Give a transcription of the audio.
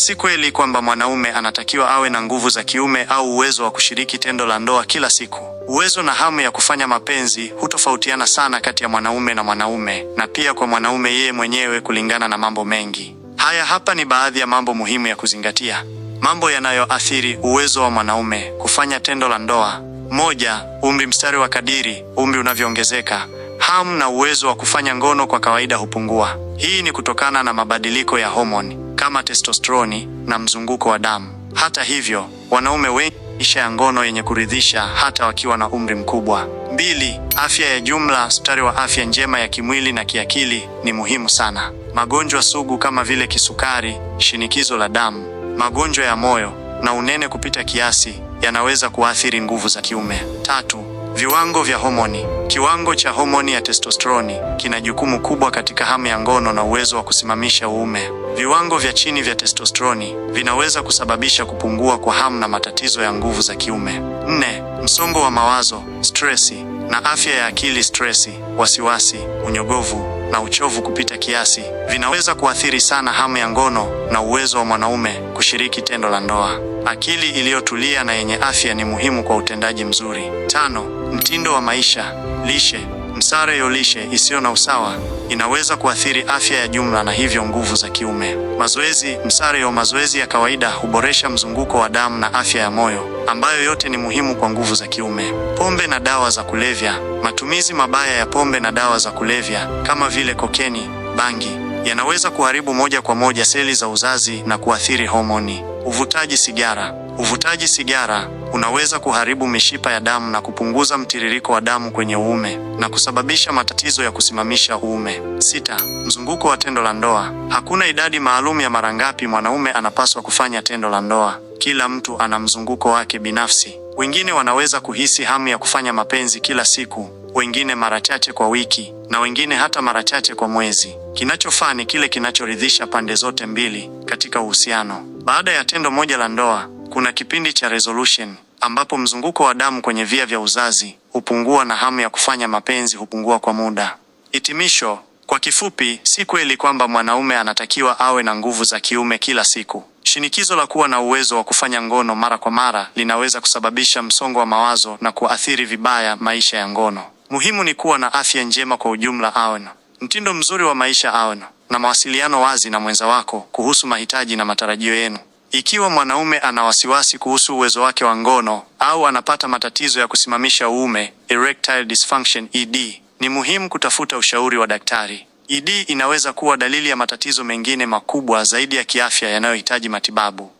Si kweli kwamba mwanaume anatakiwa awe na nguvu za kiume au uwezo wa kushiriki tendo la ndoa kila siku. Uwezo na hamu ya kufanya mapenzi hutofautiana sana kati ya mwanaume na mwanaume na pia kwa mwanaume yeye mwenyewe kulingana na mambo mengi. Haya hapa ni baadhi ya mambo muhimu ya kuzingatia. Mambo yanayoathiri uwezo wa mwanaume kufanya tendo la ndoa: moja, umri. Mstari wa kadiri umri unavyoongezeka, hamu na uwezo wa kufanya ngono kwa kawaida hupungua. Hii ni kutokana na mabadiliko ya homoni kama testosteroni na mzunguko wa damu. Hata hivyo, wanaume wengi isha ya ngono yenye kuridhisha hata wakiwa na umri mkubwa. Mbili, afya ya jumla. Mstari wa afya njema ya kimwili na kiakili ni muhimu sana. Magonjwa sugu kama vile kisukari, shinikizo la damu, magonjwa ya moyo na unene kupita kiasi yanaweza kuathiri nguvu za kiume. Tatu, viwango vya homoni Kiwango cha homoni ya testosteroni kina jukumu kubwa katika hamu ya ngono na uwezo wa kusimamisha uume. Viwango vya chini vya testosteroni vinaweza kusababisha kupungua kwa hamu na matatizo ya nguvu za kiume. Nne, msongo wa mawazo, stresi na afya ya akili, stresi, wasiwasi, unyogovu na uchovu kupita kiasi vinaweza kuathiri sana hamu ya ngono na uwezo wa mwanaume kushiriki tendo la ndoa. Akili iliyotulia na yenye afya ni muhimu kwa utendaji mzuri. Tano, mtindo wa maisha, lishe Msare yolishe isiyo na usawa inaweza kuathiri afya ya jumla na hivyo nguvu za kiume. Mazoezi msare yo mazoezi ya kawaida huboresha mzunguko wa damu na afya ya moyo, ambayo yote ni muhimu kwa nguvu za kiume. Pombe na dawa za kulevya. Matumizi mabaya ya pombe na dawa za kulevya kama vile kokeni, bangi yanaweza kuharibu moja kwa moja seli za uzazi na kuathiri homoni. Uvutaji sigara. Uvutaji sigara unaweza kuharibu mishipa ya damu na kupunguza mtiririko wa damu kwenye uume na kusababisha matatizo ya kusimamisha uume. Sita, mzunguko wa tendo la ndoa. Hakuna idadi maalum ya mara ngapi mwanaume anapaswa kufanya tendo la ndoa. Kila mtu ana mzunguko wake binafsi. Wengine wanaweza kuhisi hamu ya kufanya mapenzi kila siku, wengine mara chache kwa wiki, na wengine hata mara chache kwa mwezi. Kinachofaa ni kile kinachoridhisha pande zote mbili katika uhusiano. Baada ya tendo moja la ndoa kuna kipindi cha resolution ambapo mzunguko wa damu kwenye via vya uzazi hupungua na hamu ya kufanya mapenzi hupungua kwa muda. Hitimisho: kwa kifupi, si kweli kwamba mwanaume anatakiwa awe na nguvu za kiume kila siku. Shinikizo la kuwa na uwezo wa kufanya ngono mara kwa mara linaweza kusababisha msongo wa mawazo na kuathiri vibaya maisha ya ngono. Muhimu ni kuwa na afya njema kwa ujumla, awe mtindo mzuri wa maisha, awe na mawasiliano wazi na mwenza wako kuhusu mahitaji na matarajio yenu. Ikiwa mwanaume ana wasiwasi kuhusu uwezo wake wa ngono au anapata matatizo ya kusimamisha uume, erectile dysfunction ED, ni muhimu kutafuta ushauri wa daktari. ED inaweza kuwa dalili ya matatizo mengine makubwa zaidi ya kiafya yanayohitaji matibabu.